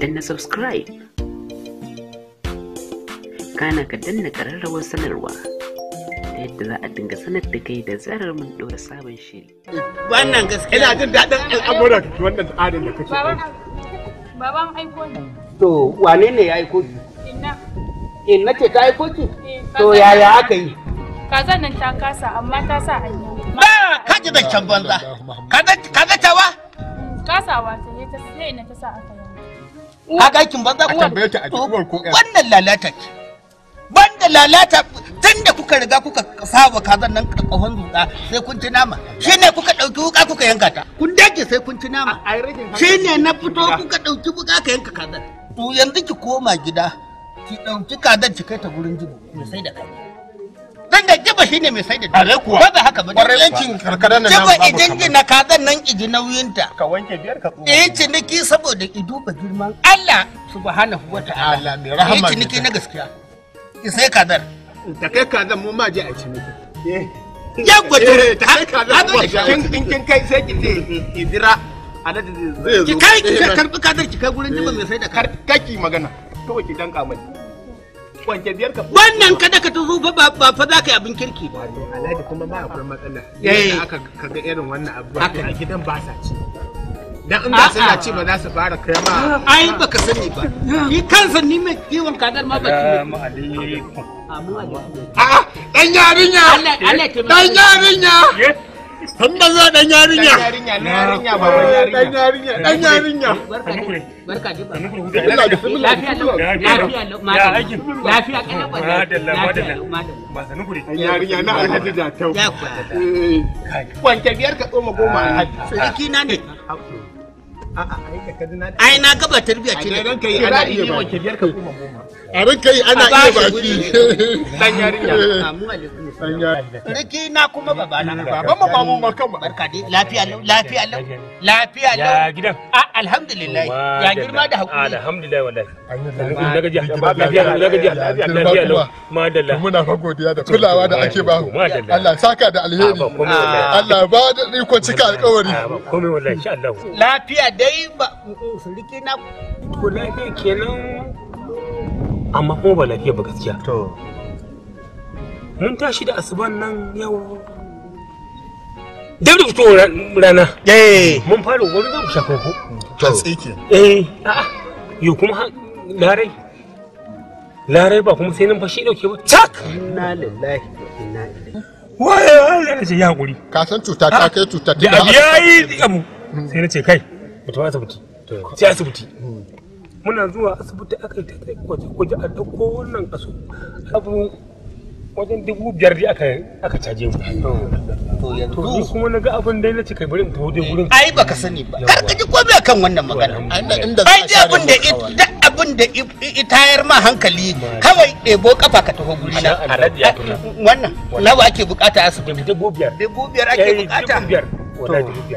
danna subscribe kana ka danna kararrawar sanarwa ta yadda za a dinga sanar da kai da zarar mun ɗora sabon shiri. Wannan gaskiya. Ina jin daɗin al'amuran wannan tsarin da kake kai. Baban aiko ne. To wane ne ya aiko ki? Inna. Inna eh, ce ta aiko ki? Eh, to yaya aka yi? Kazan nan ta kasa amma ta sa a yi. Ba ah, ka ji da can banza. Ka ga tawa? Kasawa ta ne ta sai na ta sa aka yi. ka aikin banza uwar tambaye ta a uwar ko ƴar wannan lalata ki banda lalata tunda kuka riga kuka saba kazan nan kafan zuta sai kun ci nama shine kuka dauki wuka kuka yanka ta kun dage sai kun ci nama shine na fito kuka dauki wuka ka yanka kazan to yanzu ki koma gida ki dauki kazan ki kai ta gurin jibo sai da kai da jiba ne mai sai da jiba kuwa. ba haka ba yancin karkaran nan jiba idan na kazan nan iji nauyin ta. ka wanke biyar ka tsoma eh ciniki saboda ki duba girman Allah subhanahu wata'ala mai rahama eh ciniki na gaskiya ki sai kazar ta kai kazan mu ma je a ciniki eh. yagwa ta eh, kai kazan kin kin kai sai ki je ki dira alade zai ki kai ki eh. karbi kazar ki kai gurin jiba mai sai da kar magana to ki danka mai kwanke biyar ka wannan kada ka tuzo ba ba fa za ka yi abin kirki ba alhaji kuma ma akwai matsala eh. yadda aka kaga irin wannan abu a gidan ba sa ci dan in ba suna ci ba za su fara kai ma ai ba ka sani ba ni kansa ni mai kiwon kadar ma baki ne a alaikum a'a dan yarinya dan yarinya yes kan ba za dan yarinya dan yarinya baban eh, yarinya dan yarinya dan yarinya barka ne barka ne lafiya lafiya lafiya kana ba madalla madalla ba sanu kure dan yarinya na alhaji da tau eh. wanke biyar ka goma goma alhaji sarki na ne ai na gaba tarbiyya ce da ranka yi ana iya ba ka kuma goma a ranka yi ana iya ba ki dan yarinya alaikum na kuma baba na baba mu ba mu ma kan barka dai lafiya lau lafiya lau lafiya lau ya gidan alhamdulillah ya girma da hakuri alhamdulillah wallahi lafiya na lafiya lau madalla muna fa godiya da kulawa da ake ba mu Allah saka da alheri Allah ba da iko cika alƙawari komai wallahi insha Allah lafiya dai ba suriki na ko lafiya kenan amma kuma ba lafiya ba gaskiya to mun tashi da asuban nan yau dab da fitowar rana eh. mun fara wani zan shafa ko to eh a'a yau kuma larai larai ba kuma sai nan fashi dauke ba tak inna lillahi wa inna ilaihi waye waye ne ya hakuri ka san cuta ta kai cuta ta da abu yayi abu sai na ce kai ka tafi asibiti sai asibiti mm. muna zuwa asibiti aka yi ta kai kwaje-kwaje a ɗauko wannan kaso abu wajen dubu biyar dai aka aka caje mu to yanzu kuma na ga abin dai na ce kai bari in taho dai gurin ai baka sani ba kar ka ji komai akan wannan magana ai dai abin da da abin da itayar ma hankali kawai ɗebo kafa ka taho guri na wannan nawa ake bukata asibiti dubu biyar dubu biyar ake eh, bukata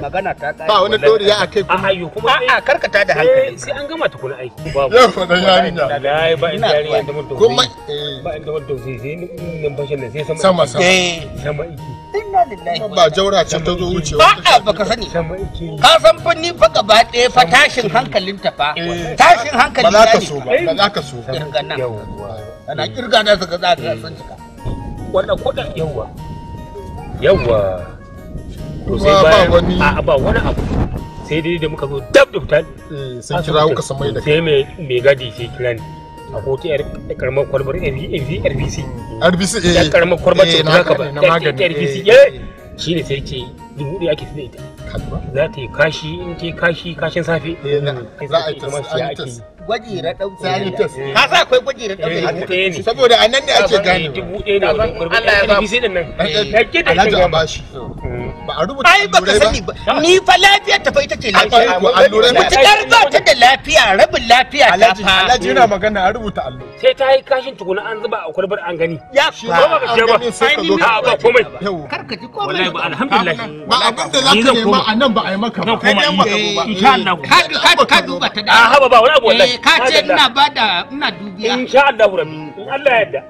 magana ta ba wani doriya a kai kuma ayo kuma a karkata da hankali sai an gama tukuna ai yau da yarinya wallahi ba inda yarinya da kuma eh. ba inda mutum sai sai nan fashin sai sama sama eh. sama iki inna lillahi ba jaura ce ta zo wucewa a baka sani ka san fa ni fa gaba ɗaya fa tashin hankalin ta fa eh. tashin hankali ba za ka so ba ba za ka so kirga nan ana kirga da zaka ka san cika wannan kudin yawa yawa to sai bayan a ba wani abu sai dai da muka zo dab da fita eh, sun kira ku da sai mai gadi sai kira ni a kotu yar karamar kwalbar RBC RBC eh karamar kwalbar eh, ce ka ba RBC eh, eh shi ne sai ce dubu ake ita hadu za ta yi kashi in ke kashi kashin safe eh, za a yi tas gwaji na ɗauke sani tas ka sa akwai gwaji na ɗauke eh, saboda a nan ne ake gane dubu ɗaya ne Allah ya ba mu sai nan eh, alhaji a bashi ba ba a rubuta ai baka sani ba ni fa lafiya ta fa ita ce lafiya mutukar ba ta da lafiya rabin lafiya ta fa alhaji yana magana a rubuta allo sai ta yi kashin tukuna an zuba a kwarbar an gani ya fa ba ba ba ai ni ba komai kar ka ji komai wallahi ba alhamdulillah ba abin da za ka nema a nan ba a yi maka ba kai dan maka ba insha eh, Allah ka duba ta da haba ba wani abu wallahi eh, ka ce ina bada ina dubiya insha Allah rabbi in Allah yarda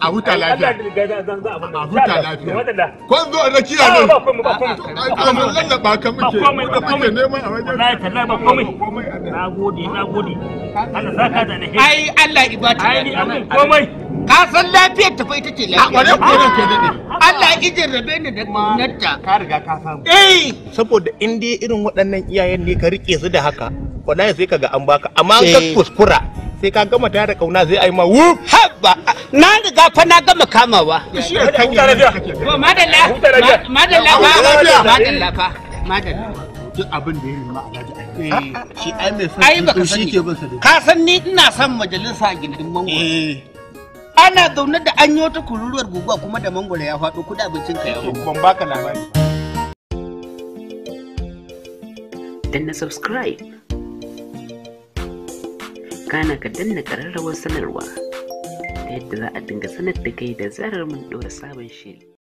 a huta lafiya a huta lafiya ko zo na a nan ba komai ba komai a mun lallaba ka muke ba komai neman a wajen wallahi tallahi ba komai nagode nagode Allah saka da alheri ai Allah ibata ai komai ka san lafiyar ta fa ita ce lafiya a kware ke dade Allah ya ijin rabe ni da nata ka riga ka samu eh saboda in dai irin waɗannan iyayen ne ka rike su da haka wallahi sai kaga an baka amma an ka eh. kuskura sai ka gama ta da kauna zai ai ma wu habba na riga fa na gama kamawa shi ne kan gida da kake madalla madalla madalla fa madalla duk abin da ya nema alhaji ai eh. shi ai mai son shi ke bin sa ka san ni ina son majalisa gindin mangoro eh. ana zaune da an yi wata kururuwar guguwa kuma da mangwara ya faɗo kuda abincin ka yau. Ban baka labari. Danna subscribe. Kana ka danna kararrawar sanarwa ta yadda za a dinga sanar da kai da zarar mun ɗora sabon shiri.